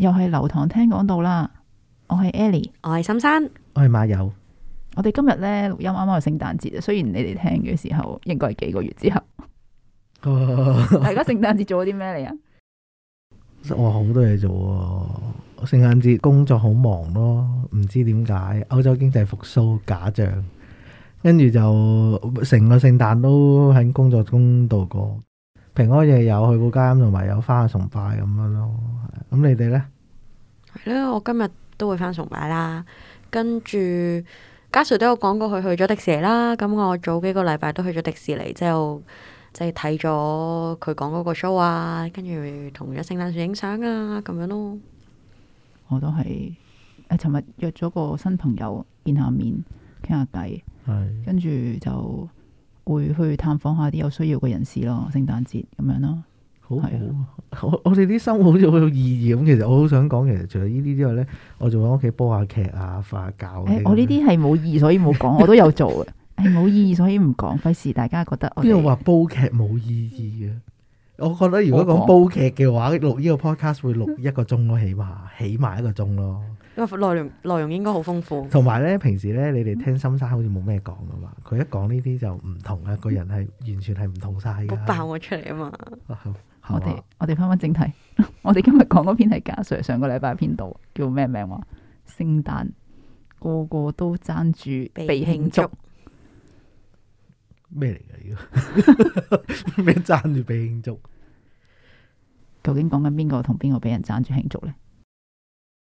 又係流堂聽講道啦，我係 Ellie，我係岑生，我係馬友。我哋今日呢，錄音啱啱係聖誕節，雖然你哋聽嘅時候應該係幾個月之後。 大家聖誕節做咗啲咩嚟啊？ 我好多嘢做啊！聖誕節工作好忙咯，唔知點解歐洲經濟復甦假象，跟住就成個聖誕都喺工作中度過。平安夜有去布加同埋有花崇拜咁樣咯。咁你哋呢？係咯，我今日都會翻崇拜啦，跟住嘉 sir 都有講過佢去咗迪士尼啦，咁我早幾個禮拜都去咗迪士尼，之後即係睇咗佢講嗰個 show 啊，跟住同咗聖誕樹影相啊，咁樣咯。我都係誒，尋日約咗個新朋友見下面傾下偈，係，跟住就會去探訪下啲有需要嘅人士咯，聖誕節咁樣咯。好係啊！我我哋啲生活好似好有意義咁？其實我好想講，其實除咗呢啲之外咧，我仲喺屋企煲下劇啊，瞓下覺。誒，我呢啲係冇意義，所以冇講。我都有做嘅，係冇意義，所以唔講，費事大家覺得。邊度話煲劇冇意義啊？我覺得如果講煲劇嘅話，錄呢個 podcast 會錄一個鐘咯，起碼起埋一個鐘咯。個內容內容應該好豐富。同埋咧，平時咧，你哋聽深山好似冇咩講噶嘛？佢一講呢啲就唔同啊！個人係完全係唔同曬嘅。爆我出嚟啊嘛！我哋我哋翻翻正題，我哋今日講嗰篇係嘉 Sir 上個禮拜篇道，叫咩名話？聖誕個個都爭住被慶祝，咩嚟㗎？要，咩爭住被慶祝？ 究竟講緊邊個同邊個俾人爭住慶祝咧？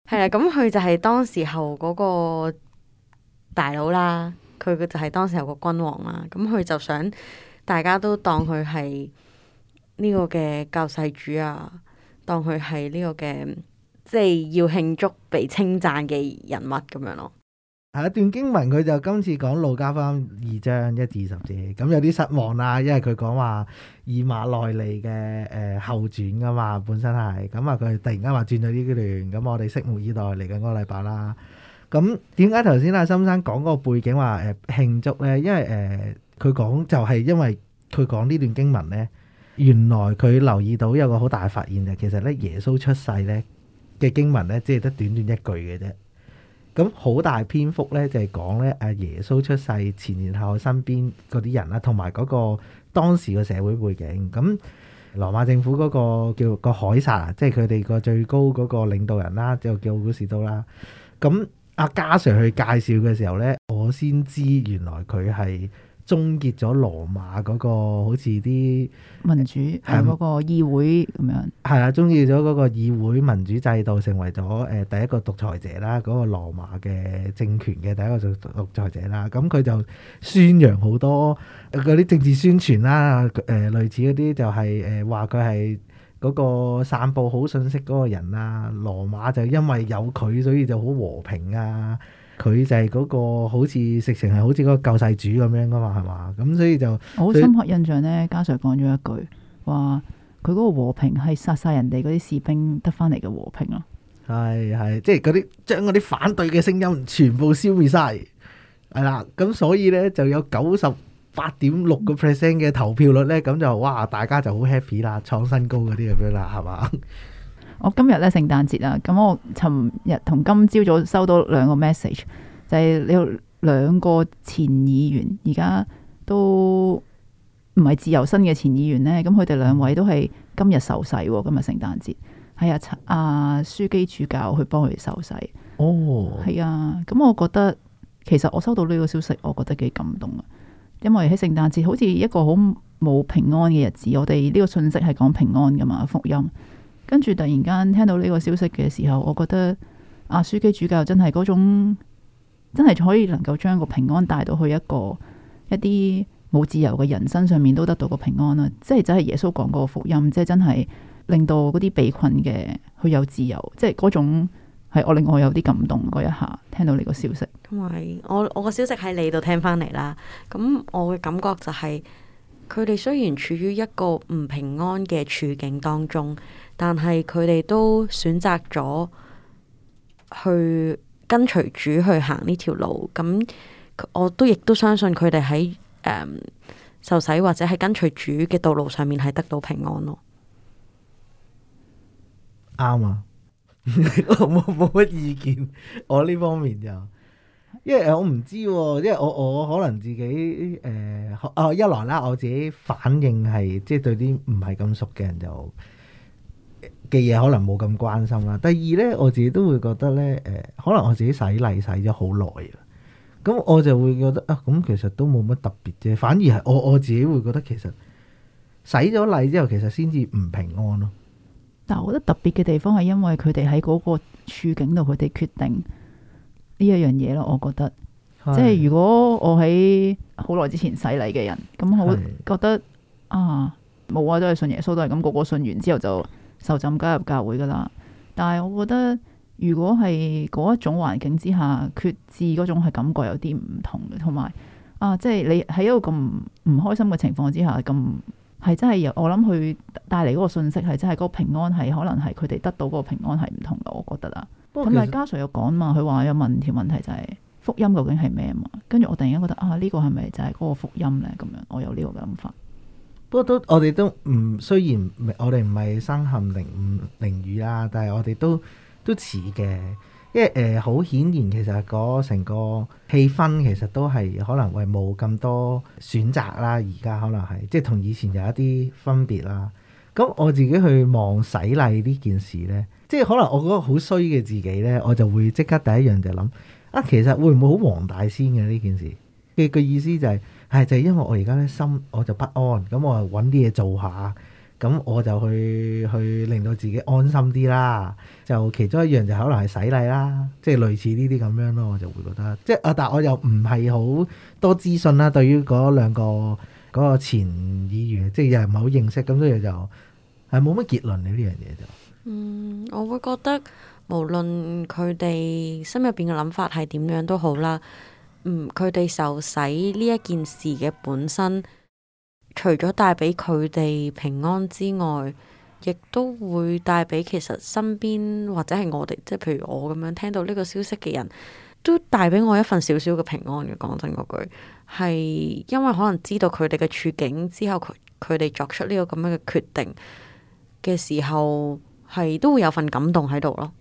係啦，咁佢就係當時候嗰個大佬啦，佢就係當時有個君王啦，咁佢就想大家都當佢係。呢個嘅救世主啊，當佢係呢個嘅，即係要慶祝被稱讚嘅人物咁樣咯。係啊，一段經文佢就今次講路加翻二章一至十節，咁有啲失望啦，因為佢講話以馬內利嘅誒後傳噶嘛，本身係，咁啊佢突然間話轉到呢段，咁我哋拭目以待嚟緊嗰個禮拜啦。咁點解頭先阿森生講嗰個背景話誒慶祝咧？因為誒佢講就係因為佢講呢段經文咧。原來佢留意到有個好大嘅發現嘅，其實咧耶穌出世咧嘅經文咧，即係得短短一句嘅啫。咁好大篇幅咧，就係講咧阿耶穌出世前年後身邊嗰啲人啦，同埋嗰個當時嘅社會背景。咁羅馬政府嗰個叫個海撒啊，即係佢哋個最高嗰個領導人啦，就叫古士都啦。咁阿嘉 sir 去介紹嘅時候咧，我先知原來佢係。終結咗羅馬嗰個好似啲民主喺嗰、嗯、個議會咁樣，係啊，終結咗嗰個議會民主制度，成為咗誒、呃、第一個獨裁者啦。嗰、嗰個羅馬嘅政權嘅第一個獨獨裁者啦，咁佢就宣揚好多嗰啲政治宣傳啦，誒、呃、類似嗰啲就係誒話佢係嗰個散佈好信息嗰個人啦。羅馬就因為有佢，所以就好和平啊。佢就係嗰個好似食成係好似嗰個救世主咁樣噶嘛，係嘛？咁所以就好深刻印象呢。加上講咗一句，話佢嗰個和平係殺晒人哋嗰啲士兵得翻嚟嘅和平咯。係係，即係嗰啲將嗰啲反對嘅聲音全部消滅晒。係啦，咁所以呢就有九十八點六個 percent 嘅投票率呢。咁就哇，大家就好 happy 啦，創新高嗰啲咁樣啦，係嘛？今我今日咧，聖誕節啊，咁我尋日同今朝早收到兩個 message，就係有兩個前議員，而家都唔係自由身嘅前議員咧，咁佢哋兩位都係今日受洗，今日聖誕節，係啊，阿書基主教去幫佢哋受洗。哦，係啊，咁、嗯、我覺得其實我收到呢個消息，我覺得幾感動啊，因為喺聖誕節好似一個好冇平安嘅日子，我哋呢個信息係講平安噶嘛，福音。跟住突然間聽到呢個消息嘅時候，我覺得阿樞機主教真係嗰種，真係可以能夠將個平安帶到去一個一啲冇自由嘅人身上面都得到個平安啦！即係真係耶穌講嗰個福音，即係真係令到嗰啲被困嘅去有自由，即係嗰種係我令我有啲感動嗰一下，聽到呢個消息。同埋我我個消息喺你度聽翻嚟啦，咁我嘅感覺就係佢哋雖然處於一個唔平安嘅處境當中。但係佢哋都選擇咗去跟隨主去行呢條路，咁我都亦都相信佢哋喺誒受洗或者係跟隨主嘅道路上面係得到平安咯。啱啊。對吧， 我冇乜意見，我呢方面就，因為我唔知、啊，因為我我可能自己誒，哦、呃、一來啦，我自己反應係即係對啲唔係咁熟嘅人就。嘅嘢可能冇咁關心啦。第二呢，我自己都會覺得呢，誒，可能我自己洗禮洗咗好耐啊。咁我就會覺得啊，咁其實都冇乜特別啫。反而係我我自己會覺得其實洗咗禮之後，其實先至唔平安咯。但我覺得特別嘅地方係因為佢哋喺嗰個處境度，佢哋決定呢一樣嘢咯。我覺得，是即係如果我喺好耐之前洗禮嘅人，咁我覺得是啊，冇啊，都係信耶穌，都係咁個個信完之後就。受浸加入教會噶啦，但係我覺得如果係嗰一種環境之下決志嗰種係感覺有啲唔同嘅，同埋啊，即係你喺一個咁唔開心嘅情況之下，咁係真係我諗佢帶嚟嗰個信息係真係嗰、那個平安係，可能係佢哋得到個平安係唔同嘅，我覺得啊。咁但係嘉 sir 又講嘛，佢話有問條問題就係、是、福音究竟係咩啊嘛，跟住我突然間覺得啊呢、這個係咪就係嗰個福音咧？咁樣我有呢個諗法。不過都我哋都唔，雖然我哋唔係生含靈唔靈魚啦，但係我哋都都似嘅，因為誒好、呃、顯然其實嗰成個，個氣氛其實都係可能會冇咁多選擇啦，而家可能係即係同以前有一啲分別啦。咁我自己去望洗禮呢件事咧，即係可能我覺得好衰嘅自己咧，我就會即刻第一樣就諗啊，其實會唔會好黃大仙嘅呢件事嘅個意思就係、是。係就係因為我而家咧，心我就不安，咁我就揾啲嘢做下，咁我就去去令到自己安心啲啦。就其中一樣就可能係洗禮啦，即係類似呢啲咁樣咯。我就會覺得，即係啊，但係我又唔係好多資訊啦，對於嗰兩個嗰、嗰個前議員，即係又係唔係好認識，咁所以就係冇乜結論嘅呢樣嘢就。就嗯，我會覺得無論佢哋心入邊嘅諗法係點樣都好啦。佢哋受洗呢一件事嘅本身，除咗帶俾佢哋平安之外，亦都會帶俾其實身邊或者係我哋，即係譬如我咁樣聽到呢個消息嘅人，都帶俾我一份少少嘅平安嘅。講真嗰句，係因為可能知道佢哋嘅處境之後，佢佢哋作出呢個咁樣嘅決定嘅時候，係都會有份感動喺度咯。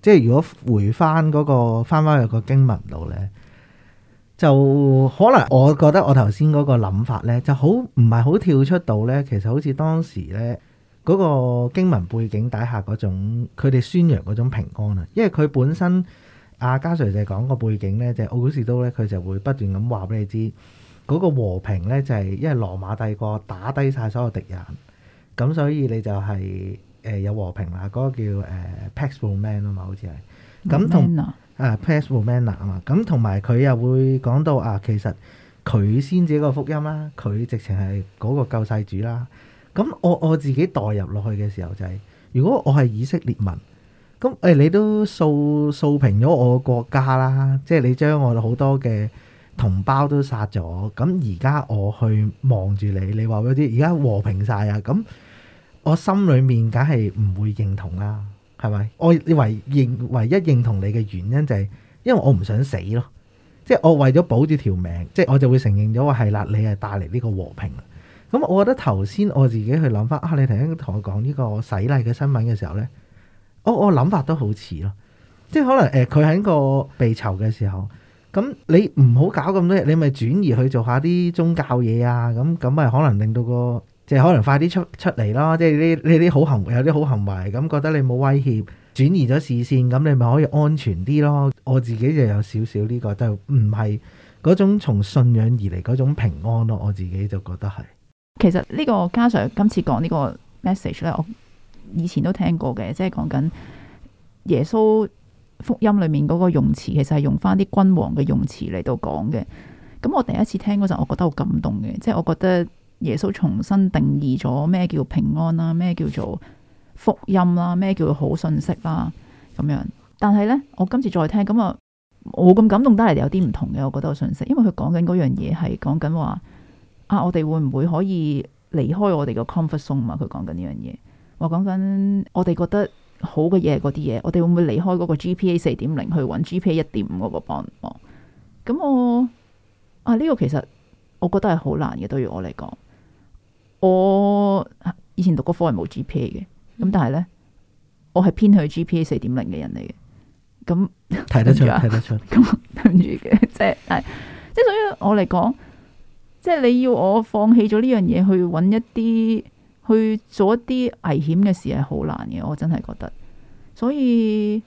即係如果回返嗰、嗰個翻返去個經文度呢。就可能，我覺得我頭先嗰個諗法咧，就好唔係好跳出到咧。其實好似當時咧嗰、那個經文背景底下嗰種，佢哋宣揚嗰種平安啊。因為佢本身阿嘉 Sir 就係講個背景咧，就是、奧古斯都咧，佢就會不斷咁話俾你知嗰、那個和平咧，就係、是、因為羅馬帝國打低晒所有敵人，咁所以你就係、是、誒、呃、有和平啦。嗰、那個叫誒 Pax Romana 嘛，呃、Roman, 好似係咁同。啊，pastor manor 啊嘛，咁同埋佢又會講到啊，其實佢先至個福音啦，佢直情係嗰個救世主啦。咁、啊、我我自己代入落去嘅時候就係、是，如果我係以色列民，咁、啊、誒你都掃掃平咗我國家啦，即係你將我哋好多嘅同胞都殺咗，咁而家我去望住你，你話畀啲而家和平晒啊，咁、啊、我心裏面梗係唔會認同啦。係咪？我你唯認唯一認同你嘅原因就係，因為我唔想死咯，即係我為咗保住條命，即係我就會承認咗話係啦，你係帶嚟呢個和平。咁我覺得頭先我自己去諗翻啊，你頭先同我講呢個洗禮嘅新聞嘅時候呢，我我諗法都好似咯，即係可能誒，佢喺個被囚嘅時候，咁你唔好搞咁多嘢，你咪轉移去做下啲宗教嘢啊，咁咁咪可能令到個。即係可能快啲出出嚟咯，即係呢呢啲好行為，有啲好行為，咁覺得你冇威脅，轉移咗視線，咁你咪可以安全啲咯。我自己就有少少呢個，都唔係嗰種從信仰而嚟嗰種平安咯。我自己就覺得係。其實呢個加上今次講呢個 message 咧，我以前都聽過嘅，即係講緊耶穌福音裏面嗰個用詞，其實係用翻啲君王嘅用詞嚟到講嘅。咁我第一次聽嗰陣，我覺得好感動嘅，即係我覺得。耶穌重新定義咗咩叫平安啦、啊，咩叫做福音啦、啊，咩叫好信息啦、啊、咁樣。但係呢，我今次再聽咁啊，我咁感動得嚟有啲唔同嘅，我覺得個信息，因為佢講緊嗰樣嘢係講緊話啊，我哋會唔會可以離開我哋個 comfort zone 嘛、啊？佢講緊呢樣嘢，話講緊我哋覺得好嘅嘢嗰啲嘢，我哋會唔會離開嗰個 GPA 四點零去揾 GPA 一點五嗰個幫忙？咁我啊呢、呢個其實我覺得係好難嘅，對於我嚟講。我以前讀嗰科係冇 GPA 嘅，咁但係咧，我係偏向 GPA 四點零嘅人嚟嘅，咁睇得出，睇 得出，對唔住嘅，即係，即係，所以我，我嚟講，即係你要我放棄咗呢樣嘢去揾一啲去做一啲危險嘅事係好難嘅，我真係覺得，所以，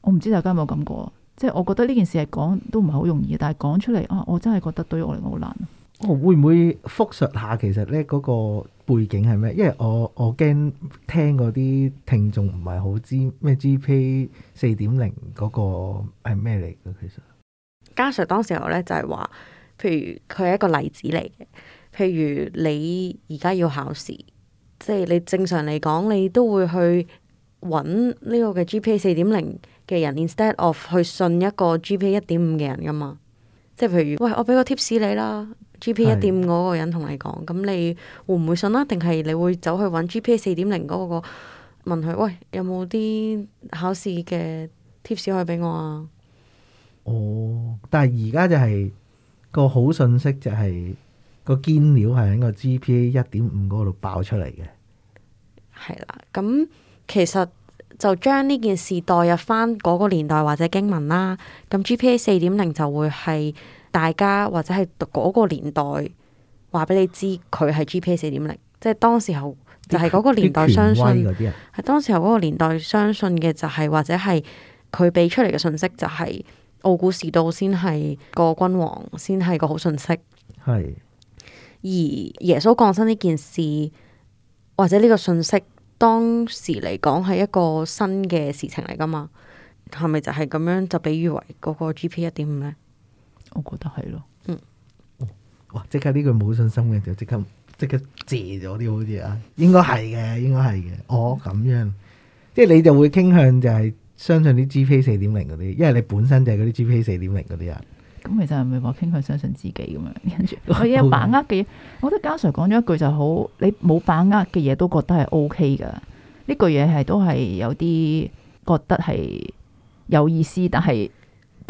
我唔知大家有冇感覺，即係我覺得呢件事係講都唔係好容易嘅，但係講出嚟啊，我真係覺得對於我嚟講好難。我、哦、會唔會複述下其實咧嗰、嗰個背景係咩？因為我我驚聽嗰啲聽眾唔係好知咩 G P 四點零嗰個係咩嚟嘅？其實，加 Sir 當時候咧就係話，譬如佢係一個例子嚟嘅。譬如你而家要考試，即係你正常嚟講，你都會去揾呢個嘅 G P 四點零嘅人，instead of 去信一個 G P 一點五嘅人噶嘛。即係譬如，喂，我俾個 tips 你啦。1 GPA 一點五嗰個人同你講，咁是你會唔會信啦、啊？定係你會走去揾 GPA 四點零、那、嗰個問佢，喂，有冇啲考試嘅貼士可以俾我啊？哦，但係而家就係、是那個好信息就係、是那個堅料係喺個 GPA 一點五嗰度爆出嚟嘅。係啦，咁其實就將呢件事代入翻嗰個年代或者經文啦，咁 GPA 四點零就會係。大家或者係嗰個年代話俾你知佢係 GPA 四點零，即係當時候就係嗰個年代相信係當時候嗰個年代相信嘅就係或者係佢俾出嚟嘅信息就係奧古斯都先係個君王先係個好信息係，是而耶穌降生呢件事或者呢個信息當時嚟講係一個新嘅事情嚟噶嘛，係咪就係咁樣就比喻為嗰個 GPA 一點五咧？我覺得係咯，嗯，哇！即刻呢句冇信心嘅就即刻即刻借咗啲好嘢啊！應該係嘅，應該係嘅。嗯、哦，咁樣，即係你就會傾向就係相信啲 G P 四點零嗰啲，因為你本身就係嗰啲 G P 四點零嗰啲啊。咁其實就係咪我傾向相信自己咁樣？跟住我有把握嘅嘢，我覺得嘉 sir 講咗一句就好，你冇把握嘅嘢都覺得係 O K 噶。呢句嘢係都係有啲覺得係有意思，但係。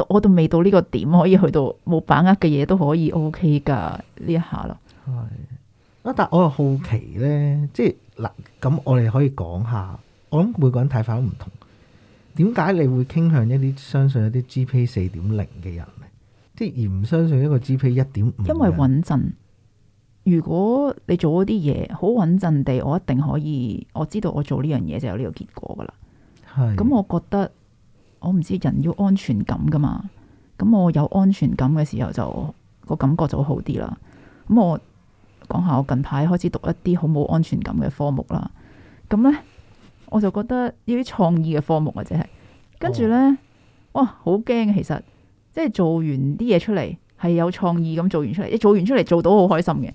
我都未到呢個點可以去到冇把握嘅嘢都可以 O K 噶呢一下咯。係，但我又好奇呢，即係嗱，咁我哋可以講下，我諗每個人睇法都唔同。點解你會傾向一啲相信一啲 G P 四點零嘅人呢？即係而唔相信一個 G P 一點五？因為穩陣。如果你做嗰啲嘢好穩陣地，我一定可以我知道我做呢樣嘢就有呢個結果噶啦。係咁是，我覺得。我唔知人要安全感噶嘛，咁我有安全感嘅時候就、個感覺就好啲啦。咁我講下我近排開始讀一啲好冇安全感嘅科目啦。咁呢，我就覺得呢啲創意嘅科目或者係，跟住呢，哦、哇好驚，其實即係做完啲嘢出嚟係有創意咁做完出嚟，一做完出嚟做到好開心嘅，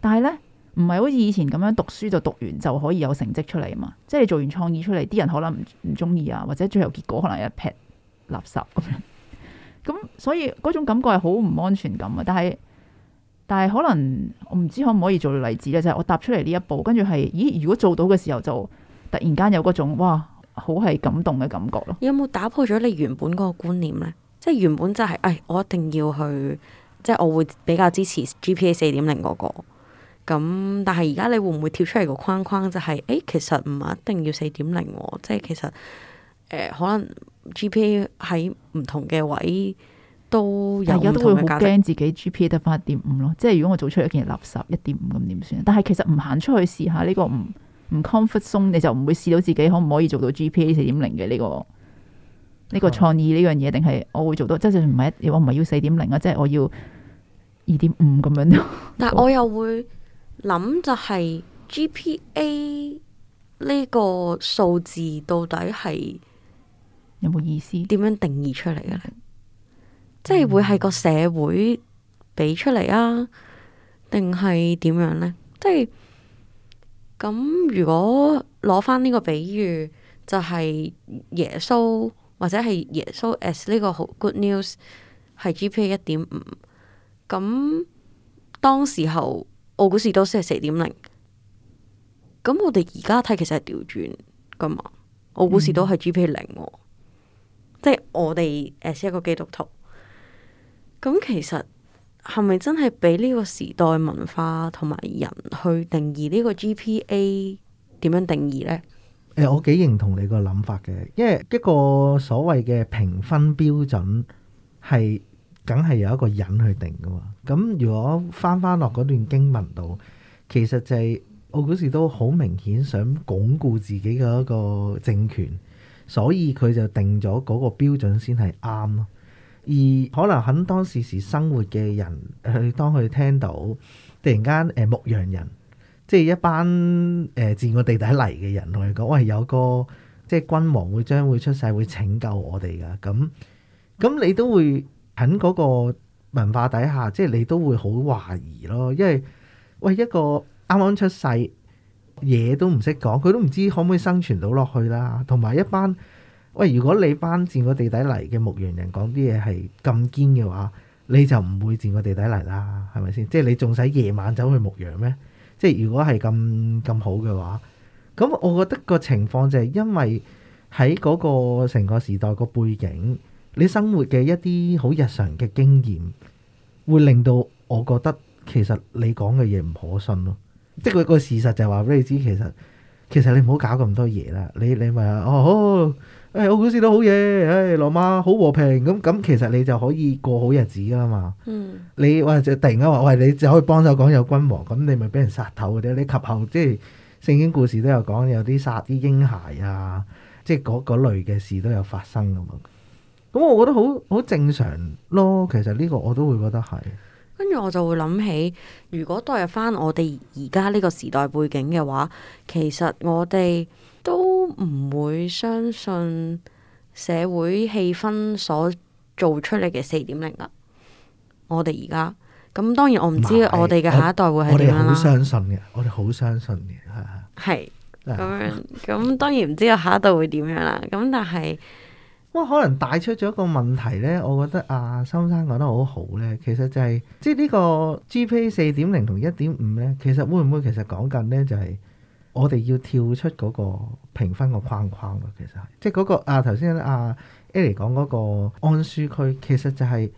但係呢。唔係好似以前咁樣讀書，就讀完就可以有成績出嚟嘛？即係你做完創意出嚟，啲人可能唔唔中意啊或者最後結果可能一撇垃圾咁樣。咁 所以嗰種感覺係好唔安全感啊！但係但係可能我唔知可唔可以做例子咧，就係、是、我踏出嚟呢一步，跟住係咦？如果做到嘅時候，就突然間有嗰種哇，好係感動嘅感覺咯。有冇打破咗你原本嗰個觀念呢？即係原本就係、是、誒、哎，我一定要去，即係我會比較支持 GPA 四點零、那、嗰個。咁，但係而家你會唔會跳出嚟個框框，就是，就係誒，其實唔係一定要四點零，即係其實誒、呃，可能 GPA 喺唔同嘅位都有，而家都會好驚自己 GPA 得翻一點五咯。即係如果我做出一件垃圾一點五咁點算？但係其實唔行出去試下呢個唔唔 comfort zone，你就唔會試到自己可唔可以做到 GPA 四點零嘅呢、這個呢、這個創意呢樣嘢，定係我會做到？即係唔係我唔係要四點零啊，即係我要二點五咁樣 但係我又會。諗就係 GPA 呢個數字到底係有冇意思？點樣定義出嚟嘅咧？有有即係會係個社會俾出嚟啊？定係點樣呢？即係咁？如果攞返呢個比喻，就係、是、耶穌或者係耶穌 as 呢個好 good news 係 GPA 一點五咁，當時候。我股士,士,士,士都先係四點零，咁、嗯、我哋而家睇其實係調轉噶嘛？我股士都係 GPA 零，即係我哋誒，一個基督徒，咁其實係咪真係俾呢個時代文化同埋人去定義呢個 GPA 點樣定義呢？誒、欸，我幾認同你個諗法嘅，因為一個所謂嘅評分標準係。梗係有一個人去定噶嘛？咁如果翻翻落嗰段經文度，其實就係奧古士都都好明顯想鞏固自己嘅一個政權，所以佢就定咗嗰個標準先係啱咯。而可能喺當時生活嘅人，佢當佢聽到突然間誒牧羊人，即係一班誒住喺地底嚟嘅人同佢講：喂，有個即係君王會將會出世，會拯救我哋噶。咁咁你都會。喺嗰個文化底下，即係你都會好懷疑咯。因為喂，一個啱啱出世嘢都唔識講，佢都唔知可唔可以生存到落去啦。同埋一班喂，如果你班賤過地底泥嘅牧羊人講啲嘢係咁堅嘅話，你就唔會賤過地底泥啦，係咪先？即係你仲使夜晚走去牧羊咩？即係如果係咁咁好嘅話，咁我覺得個情況就係因為喺嗰個成個時代個背景。你生活嘅一啲好日常嘅經驗，會令到我覺得其實你講嘅嘢唔可信咯。即係佢個事實就話俾你知，其實其實你唔好搞咁多嘢啦。你你咪哦，誒、哎，我嗰時都好嘢，誒、哎，羅馬好和平咁咁，其實你就可以過好日子噶啦嘛。嗯，你哇就突然間話喂，你就可以幫手講有君王，咁你咪俾人殺頭嘅啫。你及後即係聖經故事都有講，有啲殺啲嬰孩啊，即係嗰類嘅事都有發生噶嘛。咁、嗯、我覺得好好正常咯，其實呢個我都會覺得係。跟住我就會諗起，如果代入翻我哋而家呢個時代背景嘅話，其實我哋都唔會相信社會氣氛所做出嚟嘅四點零啦。我哋而家咁，當然我唔知我哋嘅下一代會係點樣啦。我好相信嘅，我哋好相信嘅，係 係。係咁樣咁 當然唔知啊下一代會點樣啦。咁但係。哇！可能帶出咗一個問題呢，我覺得阿、啊、森生講得好好呢。其實就係、是、即係呢個 GPA 四點零同一點五呢，其實會唔會其實講緊呢，就係、是、我哋要跳出嗰個評分個框框㗎。其實係即係嗰個啊頭先阿 Ellie 講嗰個安舒區，其實就係、是那個啊啊就是、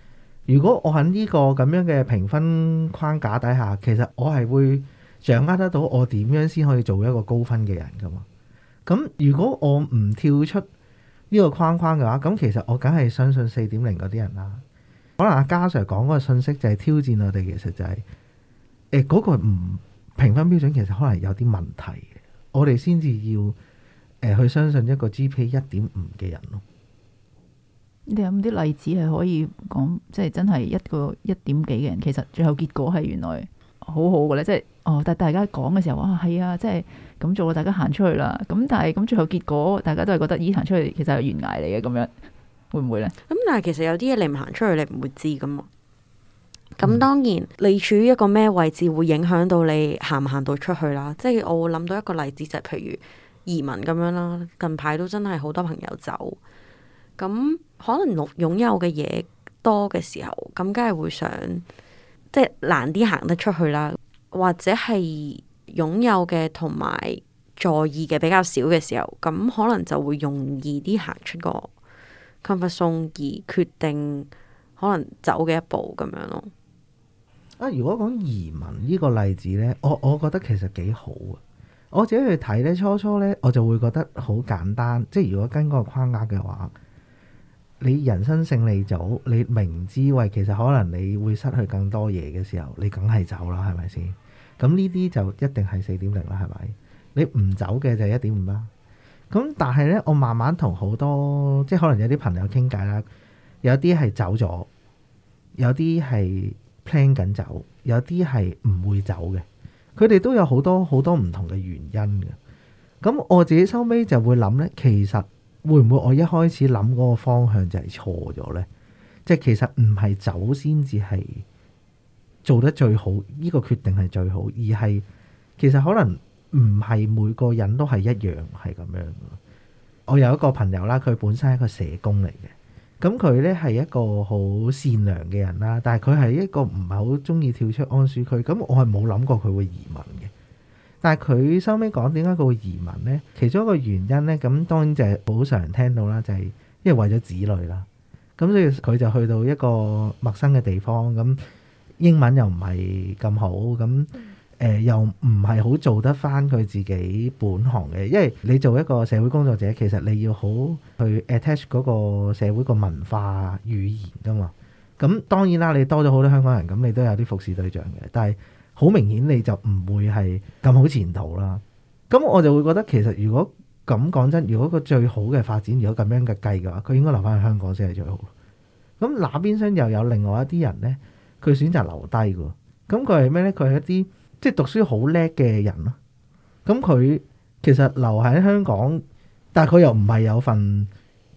如果我喺呢個咁樣嘅評分框架底下，其實我係會掌握得到我點樣先可以做一個高分嘅人㗎嘛。咁如果我唔跳出呢個框框嘅話，咁其實我梗係相信四點零嗰啲人啦。可能阿嘉 Sir 講嗰個信息就係挑戰我哋，其實就係誒嗰個唔評分標準，其實可能有啲問題我哋先至要去相信一個 GPA 一點五嘅人咯。你有冇啲例子係可以講，即係真係一個一點幾嘅人，其實最後結果係原來好好嘅咧？即係哦，但大家講嘅時候，哇、啊，係啊，即係。咁就會大家行出去啦，咁但係咁最後結果，大家都係覺得咦，行出去其實係懸崖嚟嘅，咁樣會唔會呢？咁但係其實有啲嘢你唔行出去，你唔會知噶嘛。咁當然，嗯、你處於一個咩位置會影響到你行唔行到出去啦。即係我會諗到一個例子就係，譬如移民咁樣啦，近排都真係好多朋友走。咁可能擁擁有嘅嘢多嘅時候，咁梗係會想即係難啲行得出去啦，或者係。擁有嘅同埋在意嘅比較少嘅時候，咁可能就會容易啲行出個 comfort zone 而決定可能走嘅一步咁樣咯、啊。如果講移民呢個例子呢，我我覺得其實幾好啊。我自己去睇呢，初初呢我就會覺得好簡單，即係如果跟嗰個框架嘅話，你人生勝利組，你明知喂，其實可能你會失去更多嘢嘅時候，你梗係走啦，係咪先？咁呢啲就一定係四點零啦，係咪？你唔走嘅就係一點五啦。咁但係呢，我慢慢同好多即係可能有啲朋友傾偈啦，有啲係走咗，有啲係 plan 緊走，有啲係唔會走嘅。佢哋都有好多好多唔同嘅原因嘅。咁我自己收尾就會諗呢，其實會唔會我一開始諗嗰個方向就係錯咗呢？即係其實唔係走先至係做得最好，呢個決定係最好，而係其實可能唔係每個人都係一樣係咁樣。我有一個朋友啦，佢本身係一個社工嚟嘅，咁佢咧係一個好善良嘅人啦，但係佢係一個唔係好中意跳出安舒區。咁我係冇諗過佢會移民嘅，但係佢收尾講點解佢會移民呢？其中一個原因呢，咁當然就係好常聽到啦，就係因為為咗子女啦。咁所以佢就去到一個陌生嘅地方咁。英文又唔係咁好，咁誒、呃、又唔係好做得翻佢自己本行嘅，因為你做一個社會工作者，其實你要好去 attach 嗰個社會個文化語言㗎嘛。咁當然啦，你多咗好多香港人，咁你都有啲服侍對象嘅，但係好明顯你就唔會係咁好前途啦。咁我就會覺得其實如果咁講真，如果個最好嘅發展，如果咁樣嘅計嘅話，佢應該留翻去香港先係最好。咁那邊廂又有另外一啲人呢？佢選擇留低㗎，咁佢係咩呢？佢係一啲即係讀書好叻嘅人咯。咁佢其實留喺香港，但係佢又唔係有份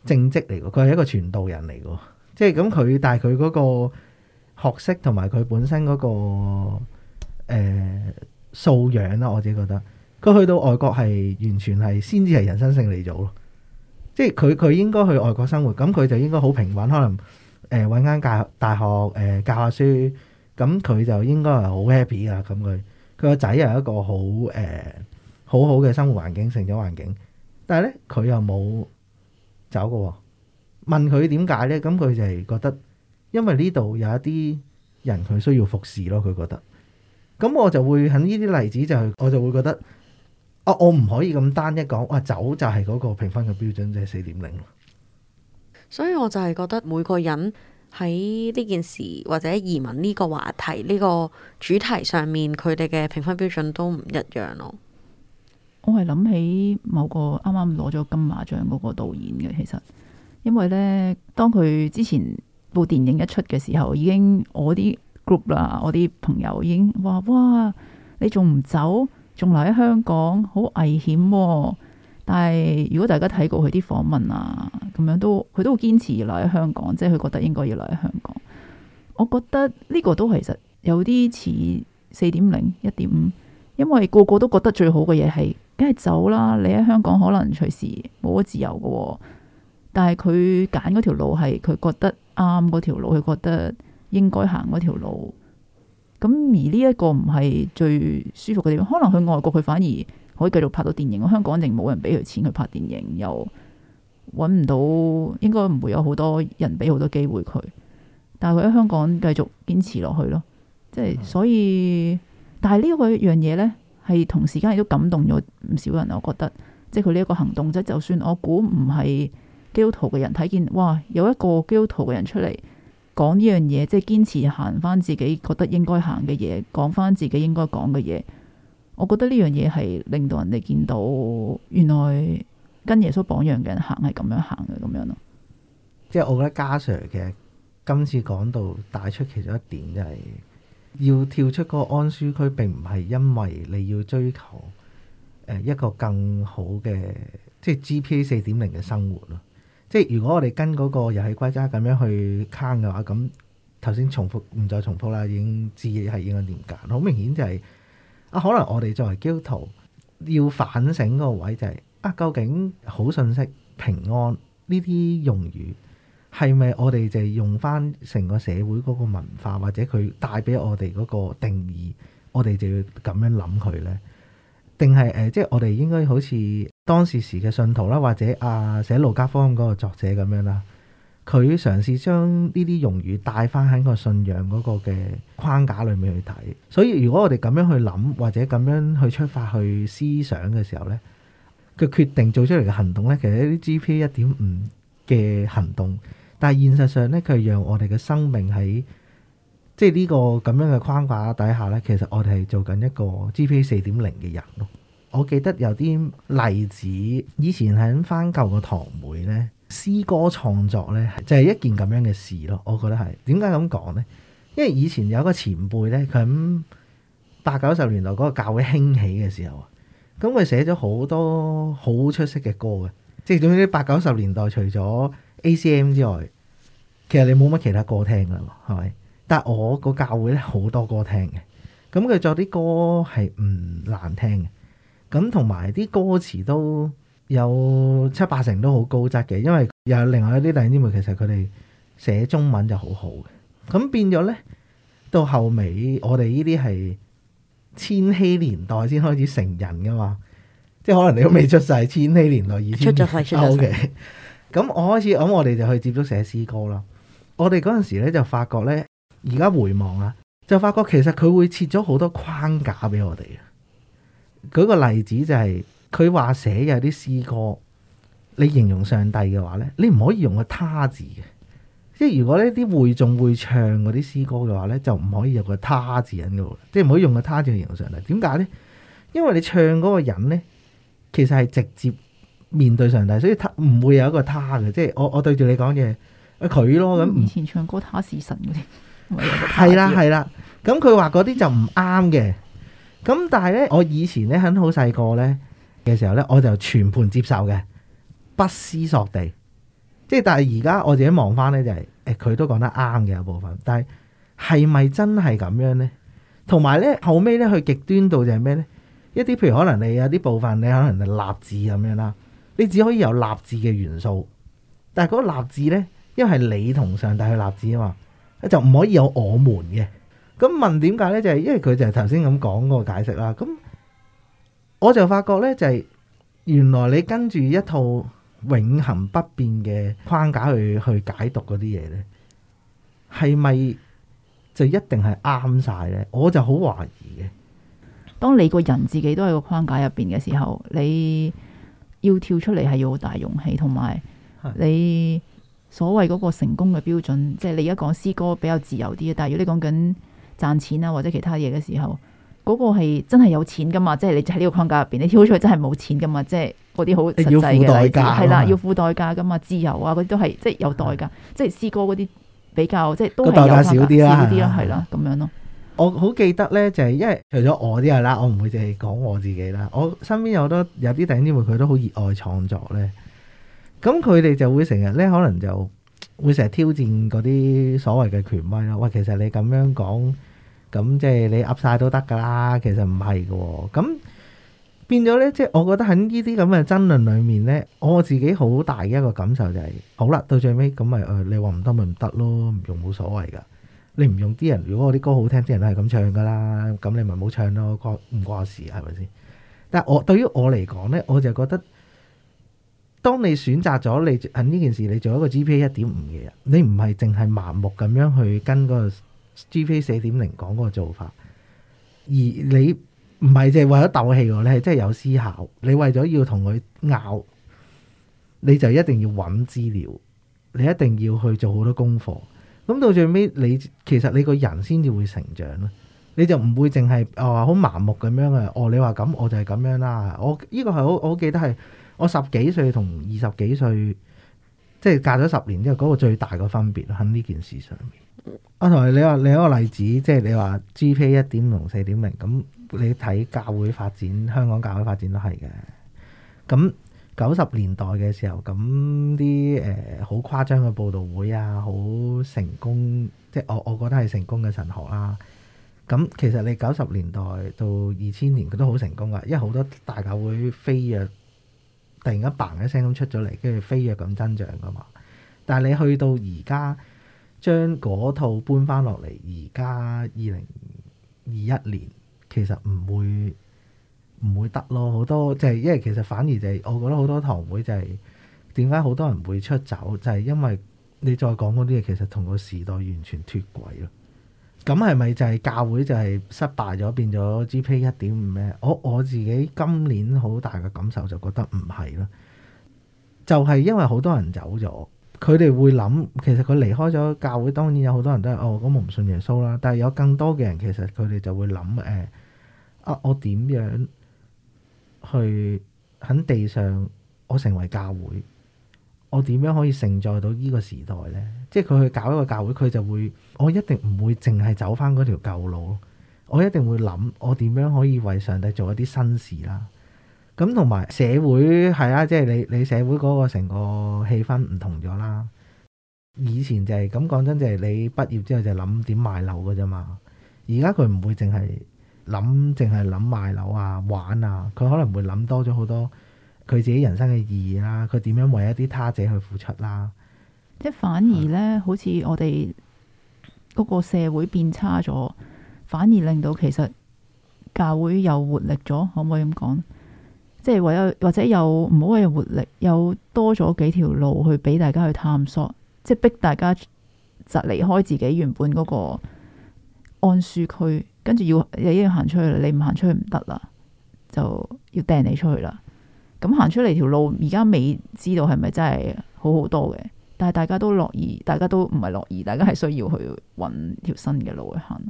正職嚟㗎。佢係一個傳道人嚟㗎，即係咁佢，但係佢嗰個學識同埋佢本身嗰個呃素養啦，我自己覺得，佢去到外國係完全係先至係人生勝利組咯。即係佢佢應該去外國生活，咁佢就應該好平穩，可能。誒，搵間大大學誒、呃、教下書，咁佢就應該係好 happy 噶，咁佢佢個仔又係一個、呃、好誒好好嘅生活環境成長環境，但係咧佢又冇走過，問佢點解咧？咁佢就係覺得，因為呢度有一啲人佢需要服侍咯，佢覺得，咁我就會喺呢啲例子就係我就會覺得，啊、哦、我唔可以咁單一講，哇走就係嗰個評分嘅標準，即係四點零。就是所以我就係覺得每個人喺呢件事或者移民呢個話題呢個主題上面，佢哋嘅評分標準都唔一樣咯。我係諗起某個啱啱攞咗金馬獎嗰個導演嘅，其實因為呢，當佢之前部電影一出嘅時候，已經我啲 group 啦，我啲朋友已經話：哇，你仲唔走？仲留喺香港好危險喎！但係如果大家睇過佢啲訪問啊，咁樣都，佢都堅持留喺香港，即係佢覺得應該要留喺香港。我覺得呢個都其實有啲似四點零一點五，因為個個都覺得最好嘅嘢係梗係走啦。你喺香港可能隨時冇咗自由嘅喎，但係佢揀嗰條路係佢覺得啱嗰條路，佢覺得應該行嗰條路。咁而呢一個唔係最舒服嘅地方，可能去外國佢反而。可以繼續拍到電影，香港定冇人俾佢錢去拍電影，又揾唔到，應該唔會有好多人俾好多機會佢。但係佢喺香港繼續堅持落去咯，即係所以，但係呢個一樣嘢呢，係同時間亦都感動咗唔少人。我覺得，即係佢呢一個行動，即就算我估唔係基督徒嘅人睇見，哇，有一個基督徒嘅人出嚟講呢樣嘢，即係堅持行翻自己覺得應該行嘅嘢，講翻自己應該講嘅嘢。我覺得呢樣嘢係令到人哋見到，原來跟耶穌榜樣嘅人行係咁樣行嘅咁樣咯。即係我覺得加 Sir 嘅今次講到帶出其中一點，就係，就係要跳出個安舒區，並唔係因為你要追求誒、呃、一個更好嘅即係 GPA 四點零嘅生活咯。即係如果我哋跟嗰個遊戲規則咁樣去坑嘅話，咁頭先重複唔再重複啦，已經知係應該點揀。好明顯就係、係。啊，可能我哋作為基督徒要反省個位就係、是、啊，究竟好信息平安呢啲用語係咪我哋就係用翻成個社會嗰個文化，或者佢帶俾我哋嗰個定義，我哋就要咁樣諗佢呢？定係誒，即係我哋應該好似當時時嘅信徒啦，或者阿、啊、寫《路加福音》嗰個作者咁樣啦。佢嘗試將呢啲用語帶翻喺個信仰嗰個嘅框架裏面去睇，所以如果我哋咁樣去諗或者咁樣去出發去思想嘅時候呢，佢決定做出嚟嘅行動呢，其實一啲 GPA 一點五嘅行動，但係現實上呢，佢係讓我哋嘅生命喺即係呢個咁樣嘅框架底下呢，其實我哋係做緊一個 GPA 四點零嘅人咯。我記得有啲例子，以前喺翻舊個堂會呢。詩歌創作呢，就係一件咁樣嘅事咯。我覺得係點解咁講呢？因為以前有一個前輩呢，佢喺八九十年代嗰個教會興起嘅時候啊，咁佢寫咗好多好出色嘅歌嘅。即係總之，八九十年代除咗 ACM 之外，其實你冇乜其他歌聽㗎啦，係咪？但係我個教會咧好多歌聽嘅，咁佢作啲歌係唔難聽嘅，咁同埋啲歌詞都有七八成都好高質嘅，因為又有另外一啲弟兄姊妹，其實佢哋寫中文就好好嘅。咁變咗呢，到後尾我哋呢啲係千禧年代先開始成人噶嘛，即係可能你都未出世，千禧年代以前出咗世先。O K，咁我開始咁，我哋就去接觸寫詩歌啦。我哋嗰陣時咧就發覺呢，而家回望啊，就發覺其實佢會設咗好多框架俾我哋嘅。舉個例子就係。佢話寫有啲詩歌，你形容上帝嘅話咧，你唔可以用個他字嘅，即係如果呢啲會眾會唱嗰啲詩歌嘅話咧，就唔可以有個他字喺度，即係唔可以用個他字去形容上帝。點解咧？因為你唱嗰個人咧，其實係直接面對上帝，所以他唔會有一個他嘅，即係我我對住你講嘅「佢咯咁。以前唱歌他神 是神嗰啲，係啦係啦，咁佢話嗰啲就唔啱嘅。咁但係咧，我以前咧很好細個咧。嘅時候咧，我就全盤接受嘅，不思索地，即係但係而家我自己望翻咧，就係誒佢都講得啱嘅一部分，但係係咪真係咁樣呢？同埋咧，後尾咧，佢極端到就係咩呢？一啲譬如可能你有啲部分你可能係立志咁樣啦，你只可以有立志嘅元素，但係嗰個立志呢，因為係你同上帝去立志啊嘛，就唔可以有我們嘅。咁問點解呢？就係、是、因為佢就係頭先咁講嗰個解釋啦。咁。我就發覺呢，就係原來你跟住一套永恆不變嘅框架去去解讀嗰啲嘢，呢，係咪就一定係啱晒？呢我就好懷疑嘅。當你個人自己都喺個框架入邊嘅時候，你要跳出嚟，係要好大勇氣，同埋你所謂嗰個成功嘅標準，即係你而家講詩歌比較自由啲啊，但係如果你講緊賺錢啊或者其他嘢嘅時候。嗰個係真係有錢噶嘛？即係你喺呢個框架入邊，你挑出嚟真係冇錢噶嘛？即係嗰啲好實際嘅，係啦，要付代價噶嘛？自由啊，嗰啲都係即係有代價。即係詩歌嗰啲比較，即係都代價少啲啦，少啲啦，係啦，咁樣咯。我好記得咧，就係因為除咗我啲啦，我唔會淨係講我自己啦。我身邊有好多有啲弟兄姊妹，佢都好熱愛創作咧。咁佢哋就會成日咧，可能就會成日挑戰嗰啲所謂嘅權威咯。喂，其實你咁樣講。咁、嗯、即係你噏晒都得噶啦，其實唔係嘅喎。咁、嗯、變咗咧，即係我覺得喺呢啲咁嘅爭論裡面咧，我自己好大嘅一個感受就係、是，好啦，到最尾咁咪誒，你話唔得咪唔得咯，唔用冇所謂噶。你唔用啲人，如果我啲歌好聽，啲人都係咁唱噶啦，咁你咪冇唱咯，唔關事係咪先？但係我對於我嚟講咧，我就覺得，當你選擇咗你喺呢件事，你做一個 GPA 一點五嘅人，你唔係淨係盲目咁樣去跟嗰、那個。G.P.A. 四點零講嗰個做法，而你唔係淨係為咗鬥氣喎，你係真係有思考。你為咗要同佢拗，你就一定要揾資料，你一定要去做好多功課。咁到最尾，你其實你個人先至會成長咯。你就唔會淨係啊好盲目咁樣啊。哦，你話咁，我就係咁樣啦。我呢個係我我記得係我十幾歲同二十幾歲，即係隔咗十年之後嗰個最大嘅分別喺呢件事上面。阿台、啊，你話你有一個例子，即係你話 GPA 一點零四點零，咁你睇教會發展，香港教會發展都係嘅。咁九十年代嘅時候，咁啲誒好誇張嘅布道會啊，好成功，即係我我覺得係成功嘅神學啦、啊。咁其實你九十年代到二千年，佢都好成功噶，因為好多大教會飛躍，突然間嘭一聲咁出咗嚟，跟住飛躍咁增長噶嘛。但係你去到而家。將嗰套搬翻落嚟，而家二零二一年其實唔會唔會得咯，好多即係、就是、因為其實反而就係、是，我覺得好多堂會就係點解好多人會出走，就係、是、因為你再講嗰啲嘢，其實同個時代完全脫軌咯。咁係咪就係教會就係失敗咗，變咗 GP 一點五咩？我我自己今年好大嘅感受就覺得唔係咯，就係、是、因為好多人走咗。佢哋會諗，其實佢離開咗教會，當然有好多人都係哦，咁我唔信耶穌啦。但係有更多嘅人，其實佢哋就會諗誒啊，我點樣去喺地上，我成為教會，我點樣可以承載到呢個時代呢？即係佢去搞一個教會，佢就會，我一定唔會淨係走翻嗰條舊路，我一定會諗，我點樣可以為上帝做一啲新事啦。咁同埋社會係啊，即係你你社會嗰個成個氣氛唔同咗啦。以前就係咁講真，就係你畢業之後就諗點買樓嘅啫嘛。而家佢唔會淨係諗，淨係諗買樓啊、玩啊。佢可能會諗多咗好多佢自己人生嘅意義啦。佢點樣為一啲他者去付出啦？即反而呢，是好似我哋嗰個社會變差咗，反而令到其實教會有活力咗，可唔可以咁講？即係為咗，或者有唔好嘅活力，有多咗幾條路去俾大家去探索，即係逼大家就離開自己原本嗰個安舒區，跟住要又要行出去啦，你唔行出去唔得啦，就要掟你出去啦。咁、嗯、行出嚟條路，而家未知道係咪真係好好多嘅，但係大家都樂意，大家都唔係樂意，大家係需要去揾條新嘅路去行。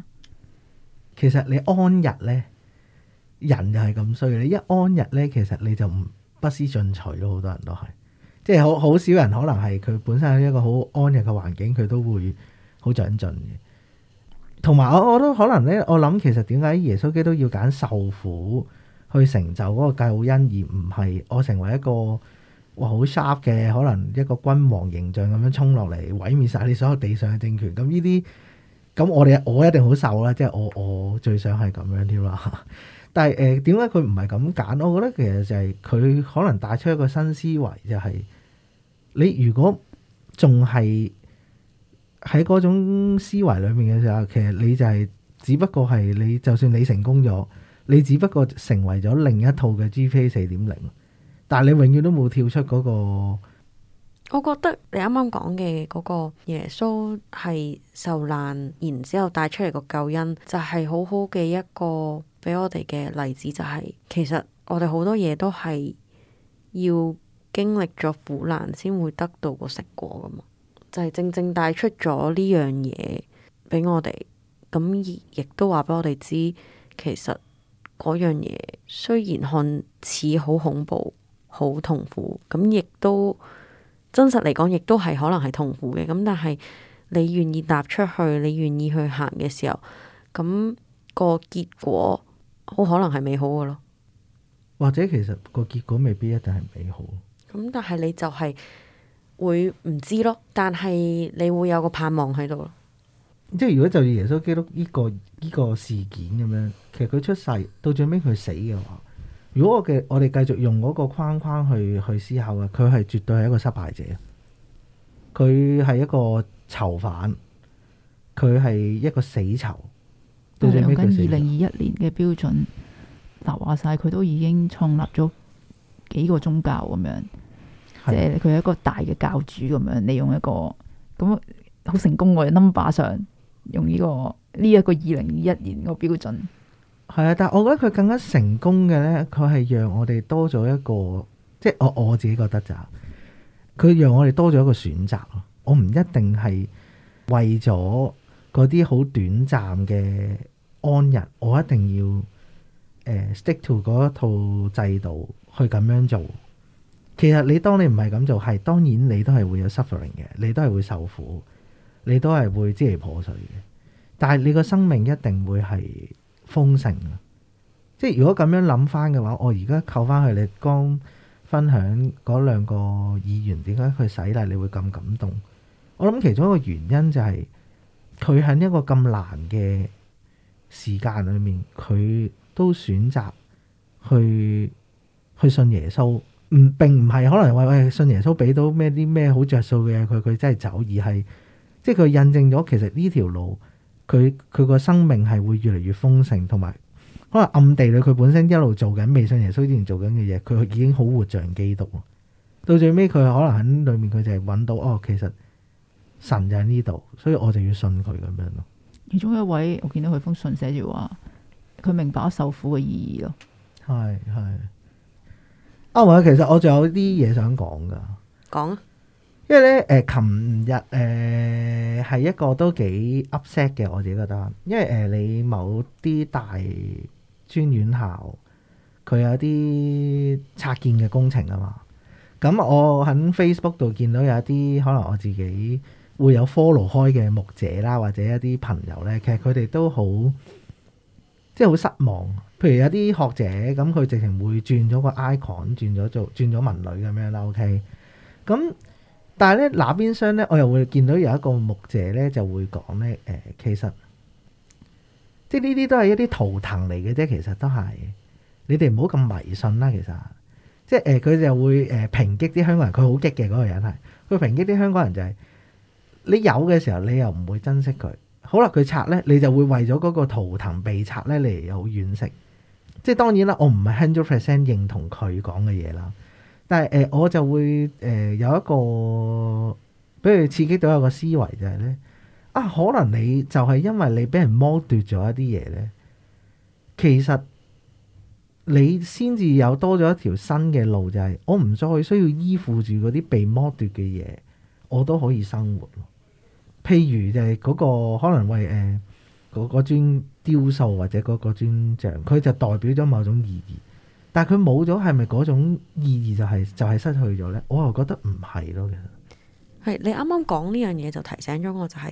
其實你安日呢？人就係咁衰嘅，你一安逸咧，其實你就唔不思進取咯。好多人都係，即係好好少人可能係佢本身喺一個好安逸嘅環境，佢都會好長進嘅。同埋我我都可能咧，我諗其實點解耶穌基督要揀受苦去成就嗰個救恩，而唔係我成為一個哇好 sharp 嘅可能一個君王形象咁樣衝落嚟，毀滅晒你所有地上嘅政權。咁呢啲。咁我哋我一定好瘦啦，即係我我最想係咁樣添啦。但係誒，點解佢唔係咁揀？我覺得其實就係佢可能帶出一個新思維，就係你如果仲係喺嗰種思維裏面嘅時候，其實你就係只不過係你就算你成功咗，你只不過成為咗另一套嘅 GPA 四點零，但係你永遠都冇跳出嗰個。我覺得你啱啱講嘅嗰個耶穌係受難，然之後帶出嚟個救恩，就係、是、好好嘅一個俾我哋嘅例子。就係、是、其實我哋好多嘢都係要經歷咗苦難先會得到個成果㗎嘛，就係、是、正正帶出咗呢樣嘢俾我哋，咁亦都話俾我哋知，其實嗰樣嘢雖然看似好恐怖、好痛苦，咁亦都，真實嚟講，亦都係可能係痛苦嘅。咁但係你願意踏出去，你願意去行嘅時候，咁個結果好可能係美好嘅咯。或者其實個結果未必一定係美好。咁但係你就係會唔知咯。但係你會有個盼望喺度咯。即係如果就耶穌基督呢個呢個事件咁樣，其實佢出世到最尾佢死嘅話。如果我哋繼續用嗰個框框去去思考啊，佢係絕對係一個失敗者，佢係一個囚犯，佢係一個死囚。按照跟二零二一年嘅標準，話晒，佢都已經創立咗幾個宗教咁樣，即係佢係一個大嘅教主咁樣，利用一個咁好成功我 number 上，用呢個呢一個二零二一年個標準。係啊，但係我覺得佢更加成功嘅咧，佢係讓我哋多咗一個，即係我我自己覺得咋，佢讓我哋多咗一個選擇咯。我唔一定係為咗嗰啲好短暫嘅安逸，我一定要誒、呃、stick to 嗰一套制度去咁樣做。其實你當你唔係咁做，係當然你都係會有 suffering 嘅，你都係會受苦，你都係會支離破碎嘅。但係你個生命一定會係。封城，即係如果咁樣諗翻嘅話，我而家扣翻去你剛分享嗰兩個議員，點解佢洗禮，你會咁感動？我諗其中一個原因就係佢喺一個咁難嘅時間裏面，佢都選擇去去信耶穌。唔並唔係可能話，喂喂，信耶穌俾到咩啲咩好着數嘅，佢佢真係走，而係即係佢印證咗其實呢條路，佢佢個生命係會越嚟越豐盛，同埋可能暗地裏佢本身一路做緊未信耶穌之前做緊嘅嘢，佢已經好活像基督。到最尾佢可能喺裏面佢就係搵到哦，其實神就喺呢度，所以我就要信佢咁樣咯。其中一位我見到佢封信寫住話，佢明白受苦嘅意義咯。係係啊，我、哦、其實我仲有啲嘢想講噶。講即係咧，誒，琴、呃、日誒係、呃、一個都幾 upset 嘅，我自己覺得，因為誒、呃、你某啲大專院校佢有啲拆建嘅工程啊嘛，咁我喺 Facebook 度見到有一啲可能我自己會有 follow 開嘅牧者啦，或者一啲朋友咧，其實佢哋都好即係好失望，譬如有啲學者咁，佢直情會轉咗個 icon，轉咗做轉咗文女咁樣啦，OK，咁。但係咧，那邊廂咧，我又會見到有一個牧者咧，就會講咧，誒、呃，其實即係呢啲都係一啲圖騰嚟嘅啫。其實都係你哋唔好咁迷信啦。其實即係誒，佢、呃、就會誒、呃、抨擊啲香港人，佢好激嘅嗰、那個人係佢抨擊啲香港人就係、是、你有嘅時候，你又唔會珍惜佢。好啦，佢拆咧，你就會為咗嗰個圖騰被拆咧，你又好惋惜。即係當然啦，我唔係 hundred percent 認同佢講嘅嘢啦。但係誒、呃，我就會誒、呃、有一個，比如刺激到一個思維就係、是、咧，啊，可能你就係因為你俾人剝奪咗一啲嘢咧，其實你先至有多咗一條新嘅路、就是，就係我唔再需要依附住嗰啲被剝奪嘅嘢，我都可以生活。譬如就係嗰、那個可能為誒嗰嗰尊雕塑或者嗰、那個尊像，佢就代表咗某種意義。但係佢冇咗，係咪嗰種意義就係就係失去咗呢？我又覺得唔係咯，其實係你啱啱講呢樣嘢就提醒咗我，就係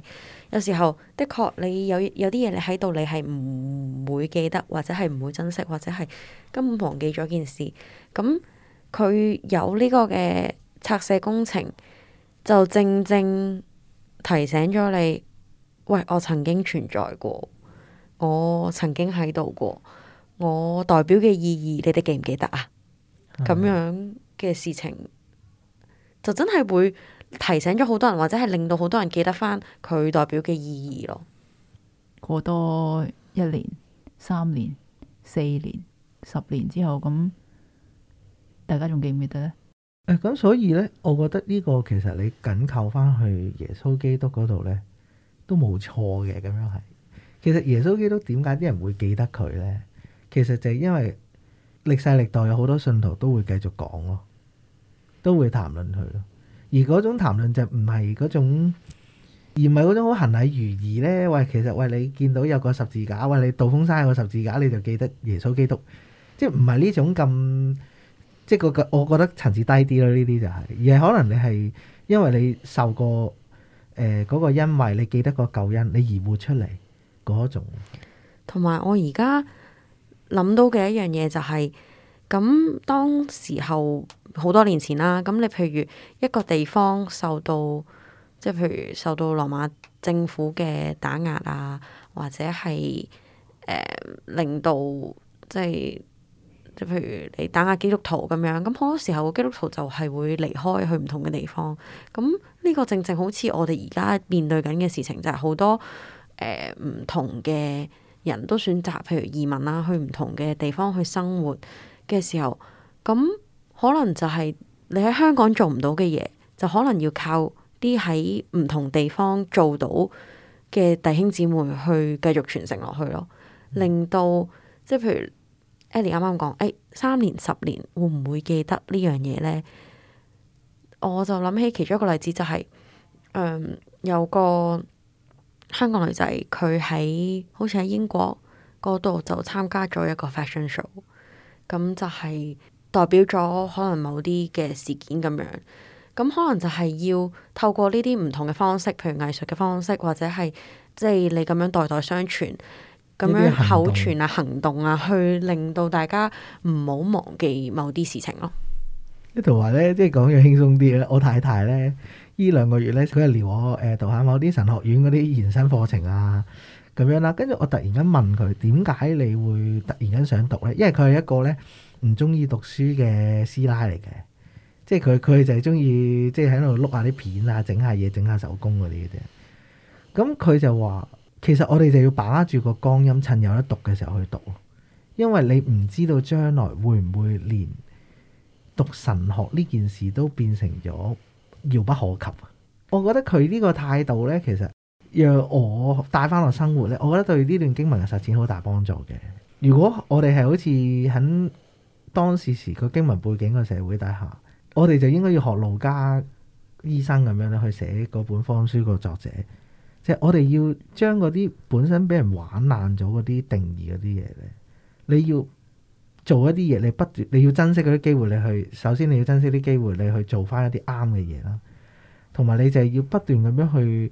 有時候的確你有有啲嘢你喺度，你係唔會記得或者係唔會珍惜或者係根本忘記咗件事。咁佢有呢個嘅拆卸工程，就正正提醒咗你：喂，我曾經存在過，我曾經喺度過。我代表嘅意義，你哋記唔記得啊？咁樣嘅事情的就真係會提醒咗好多人，或者係令到好多人記得翻佢代表嘅意義咯。過多一年、三年、四年、十年之後，咁大家仲記唔記得呢？誒、哎，咁所以呢，我覺得呢個其實你緊扣翻去耶穌基督嗰度呢，都冇錯嘅。咁樣係，其實耶穌基督點解啲人會記得佢呢？其實就係因為歷世歷代有好多信徒都會繼續講咯、啊，都會談論佢咯。而嗰種談論就唔係嗰種，而唔係嗰種好行禮如儀呢。喂，其實喂你見到有個十字架，喂你道風山有個十字架，你就記得耶穌基督，即係唔係呢種咁，即係個個我覺得層次低啲咯。呢啲就係、是，而係可能你係因為你受過誒嗰、呃那個恩惠，你記得個救恩，你而活出嚟嗰種。同埋我而家。諗到嘅一樣嘢就係、是，咁當時候好多年前啦，咁你譬如一個地方受到，即係譬如受到羅馬政府嘅打壓啊，或者係誒、呃、令到即係，即譬如你打壓基督徒咁樣，咁好多時候基督徒就係會離開去唔同嘅地方。咁呢個正正好似我哋而家面對緊嘅事情就，就係好多誒唔同嘅人都選擇譬如移民啦、啊，去唔同嘅地方去生活嘅時候，咁可能就係你喺香港做唔到嘅嘢，就可能要靠啲喺唔同地方做到嘅弟兄姊妹去繼續傳承落去咯，令到即係譬如 Ellie 啱啱講，誒、欸、三年十年會唔會記得呢樣嘢呢？我就諗起其中一個例子就係、是、誒、嗯、有個香港女仔佢喺好似喺英國嗰度就參加咗一個 fashion show，咁就係代表咗可能某啲嘅事件咁樣，咁可能就係要透過呢啲唔同嘅方式，譬如藝術嘅方式，或者係即係你咁樣代代相傳，咁樣口傳啊、行動啊，去令到大家唔好忘記某啲事情咯。一同呢度話咧，即係講嘢輕鬆啲啦，我太太咧。呢兩個月咧，佢係撩我誒讀下某啲神學院嗰啲延伸課程啊，咁樣啦。跟住我突然間問佢，點解你會突然間想讀咧？因為佢係一個咧唔中意讀書嘅師奶嚟嘅，即係佢佢就係中意即係喺度碌下啲片啊，整下嘢，整下手工嗰啲嘅啫。咁、嗯、佢就話：其實我哋就要把握住個光陰，趁有得讀嘅時候去讀，因為你唔知道將來會唔會連讀神學呢件事都變成咗遙不可及啊！我覺得佢呢個態度呢，其實讓我帶翻落生活呢，我覺得對呢段經文嘅實踐好大幫助嘅。如果我哋係好似喺當時時個經文背景個社會底下，我哋就應該要學路家醫生咁樣咧，去寫嗰本方書個作者，即係我哋要將嗰啲本身俾人玩爛咗嗰啲定義嗰啲嘢呢，你要，做一啲嘢，你不斷你要珍惜嗰啲機會，你去首先你要珍惜啲機會，你去做翻一啲啱嘅嘢啦。同埋你就要不斷咁樣去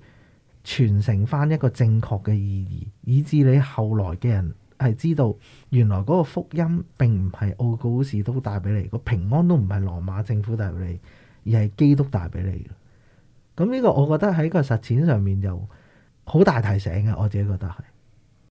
傳承翻一個正確嘅意義，以至你後來嘅人係知道原來嗰個福音並唔係奧古士都帶俾你，個平安都唔係羅馬政府帶俾你，而係基督帶俾你嘅。咁呢個我覺得喺個實踐上面就好大提醒嘅，我自己覺得係。